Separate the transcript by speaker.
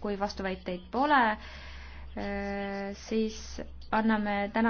Speaker 1: kui vastuväiteid pole, eh, siis anname täna